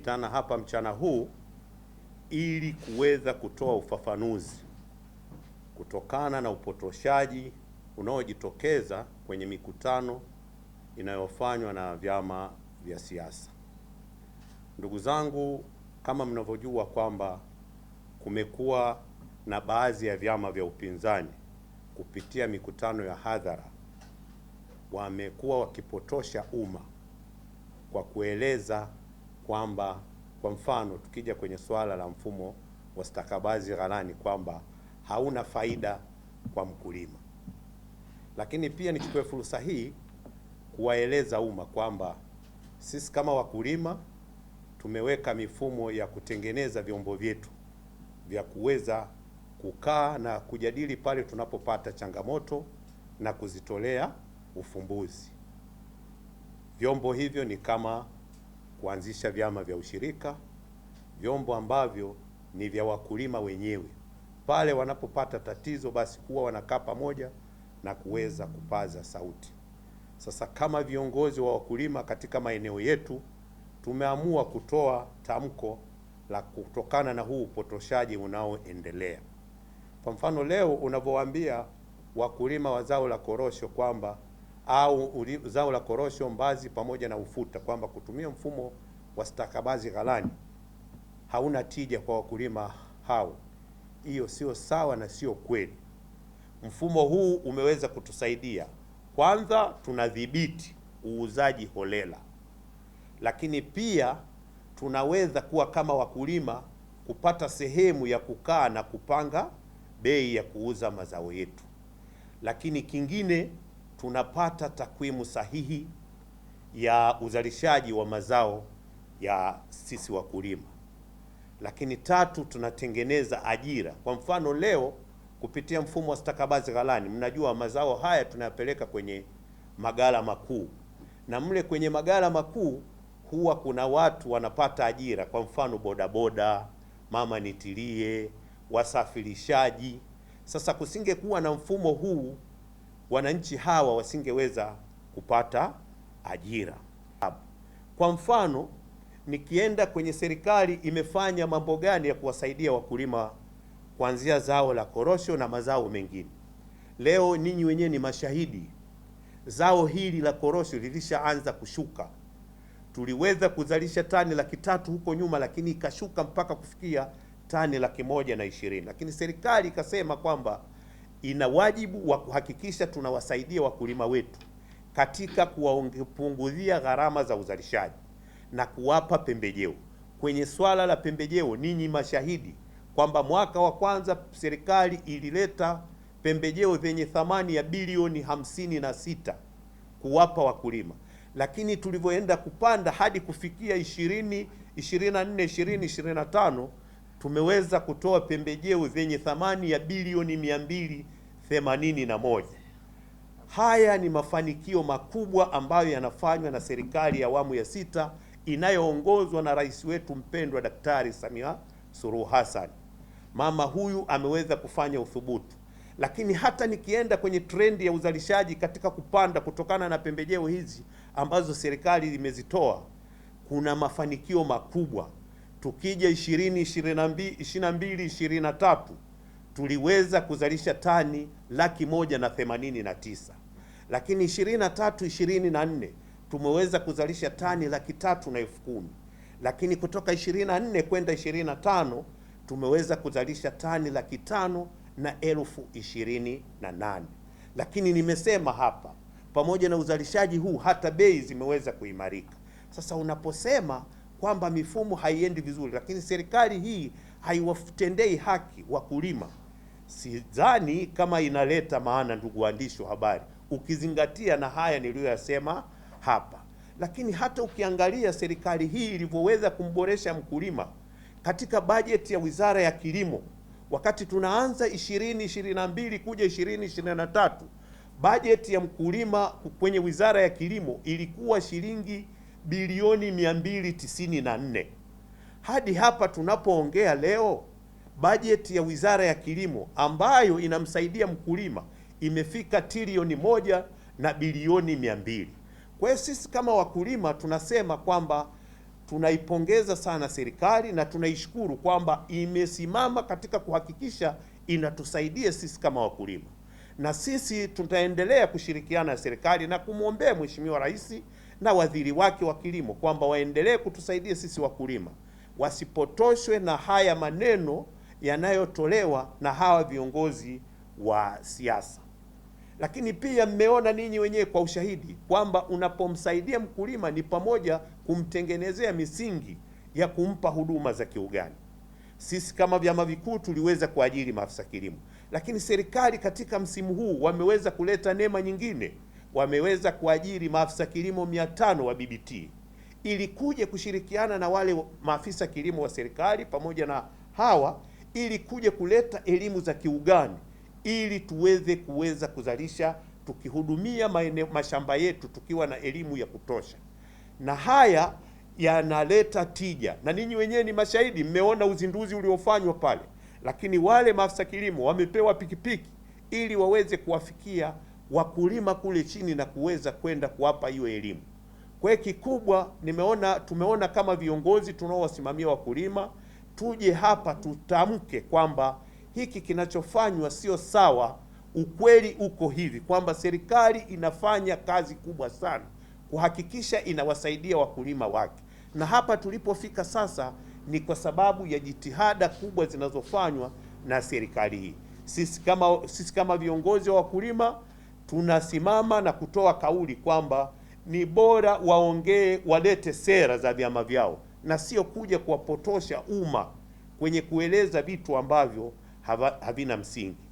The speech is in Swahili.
tumekutana hapa mchana huu ili kuweza kutoa ufafanuzi kutokana na upotoshaji unaojitokeza kwenye mikutano inayofanywa na vyama vya siasa. Ndugu zangu, kama mnavyojua kwamba kumekuwa na baadhi ya vyama vya upinzani kupitia mikutano ya hadhara wamekuwa wakipotosha umma kwa kueleza kwamba kwa mfano tukija kwenye swala la mfumo wa stakabadhi ghalani kwamba hauna faida kwa mkulima. Lakini pia nichukue fursa hii kuwaeleza umma kwamba sisi kama wakulima tumeweka mifumo ya kutengeneza vyombo vyetu vya kuweza kukaa na kujadili pale tunapopata changamoto na kuzitolea ufumbuzi. Vyombo hivyo ni kama kuanzisha vyama vya ushirika, vyombo ambavyo ni vya wakulima wenyewe. Pale wanapopata tatizo, basi huwa wanakaa pamoja na kuweza kupaza sauti. Sasa kama viongozi wa wakulima katika maeneo yetu tumeamua kutoa tamko la kutokana na huu upotoshaji unaoendelea. Kwa mfano leo unavyowaambia wakulima wa zao la korosho kwamba au zao la korosho, mbazi pamoja na ufuta, kwamba kutumia mfumo wa stakabazi ghalani hauna tija kwa wakulima hao. Hiyo sio sawa na sio kweli. Mfumo huu umeweza kutusaidia, kwanza tunadhibiti uuzaji holela, lakini pia tunaweza kuwa kama wakulima kupata sehemu ya kukaa na kupanga bei ya kuuza mazao yetu, lakini kingine tunapata takwimu sahihi ya uzalishaji wa mazao ya sisi wakulima. Lakini tatu, tunatengeneza ajira. Kwa mfano leo kupitia mfumo wa stakabadhi ghalani, mnajua mazao haya tunayapeleka kwenye maghala makuu, na mle kwenye maghala makuu huwa kuna watu wanapata ajira, kwa mfano bodaboda, mama nitilie, wasafirishaji. Sasa kusingekuwa na mfumo huu wananchi hawa wasingeweza kupata ajira. Kwa mfano, nikienda kwenye serikali imefanya mambo gani ya kuwasaidia wakulima kuanzia zao la korosho na mazao mengine. Leo ninyi wenyewe ni mashahidi, zao hili la korosho lilishaanza kushuka. Tuliweza kuzalisha tani laki tatu huko nyuma, lakini ikashuka mpaka kufikia tani laki moja na ishirini, lakini serikali ikasema kwamba ina wajibu wa kuhakikisha tunawasaidia wakulima wetu katika kuwapunguzia gharama za uzalishaji na kuwapa pembejeo. Kwenye swala la pembejeo, ninyi mashahidi kwamba mwaka wa kwanza serikali ilileta pembejeo zenye thamani ya bilioni hamsini na sita kuwapa wakulima, lakini tulivyoenda kupanda hadi kufikia 20 24 20 25 tumeweza kutoa pembejeo zenye thamani ya bilioni 281. Haya ni mafanikio makubwa ambayo yanafanywa na serikali ya awamu ya sita inayoongozwa na rais wetu mpendwa Daktari Samia Suluhu Hassan. Mama huyu ameweza kufanya uthubutu, lakini hata nikienda kwenye trendi ya uzalishaji katika kupanda kutokana na pembejeo hizi ambazo serikali imezitoa, kuna mafanikio makubwa tukija 20 22 23 tuliweza kuzalisha tani laki moja na themanini na tisa lakini 23 24 tumeweza kuzalisha tani laki tatu na elfu kumi lakini kutoka 24 kwenda 25 tumeweza kuzalisha tani laki tano na elfu ishirini na nane lakini nimesema hapa, pamoja na uzalishaji huu hata bei zimeweza kuimarika. Sasa unaposema kwamba mifumo haiendi vizuri, lakini serikali hii haiwatendei haki wakulima, sidhani kama inaleta maana, ndugu waandishi wa habari, ukizingatia na haya niliyoyasema hapa. Lakini hata ukiangalia serikali hii ilivyoweza kumboresha mkulima katika bajeti ya Wizara ya Kilimo, wakati tunaanza 2022 kuja 2023 bajeti ya mkulima kwenye Wizara ya Kilimo ilikuwa shilingi bilioni 294. Hadi hapa tunapoongea leo, bajeti ya Wizara ya Kilimo ambayo inamsaidia mkulima imefika trilioni moja na bilioni mbili. Kwa hiyo sisi kama wakulima tunasema kwamba tunaipongeza sana serikali na tunaishukuru kwamba imesimama katika kuhakikisha inatusaidia sisi kama wakulima, na sisi tutaendelea kushirikiana na serikali na kumwombea Mheshimiwa Rais na wadhiri wake wa kilimo kwamba waendelee kutusaidia sisi wakulima, wasipotoshwe na haya maneno yanayotolewa na hawa viongozi wa siasa. Lakini pia mmeona ninyi wenyewe kwa ushahidi kwamba unapomsaidia mkulima ni pamoja kumtengenezea misingi ya kumpa huduma za kiugani. Sisi kama vyama vikuu tuliweza kuajiri maafisa kilimo, lakini serikali katika msimu huu wameweza kuleta neema nyingine wameweza kuajiri maafisa kilimo 500 wa BBT ili kuja kushirikiana na wale maafisa kilimo wa serikali pamoja na hawa ili kuja kuleta elimu za kiugani ili tuweze kuweza kuzalisha tukihudumia maene, mashamba yetu tukiwa na elimu ya kutosha, na haya yanaleta tija, na ninyi wenyewe ni mashahidi, mmeona uzinduzi uliofanywa pale, lakini wale maafisa kilimo wamepewa pikipiki ili waweze kuwafikia wakulima kule chini na kuweza kwenda kuwapa hiyo elimu. Kwa hiyo kikubwa nimeona tumeona kama viongozi tunaowasimamia wakulima tuje hapa tutamke kwamba hiki kinachofanywa sio sawa. Ukweli uko hivi kwamba serikali inafanya kazi kubwa sana kuhakikisha inawasaidia wakulima wake, na hapa tulipofika sasa ni kwa sababu ya jitihada kubwa zinazofanywa na serikali hii. Sisi kama, sisi kama viongozi wa wakulima tunasimama na kutoa kauli kwamba ni bora waongee, walete sera za vyama vyao na sio kuja kuwapotosha umma kwenye kueleza vitu ambavyo havina msingi.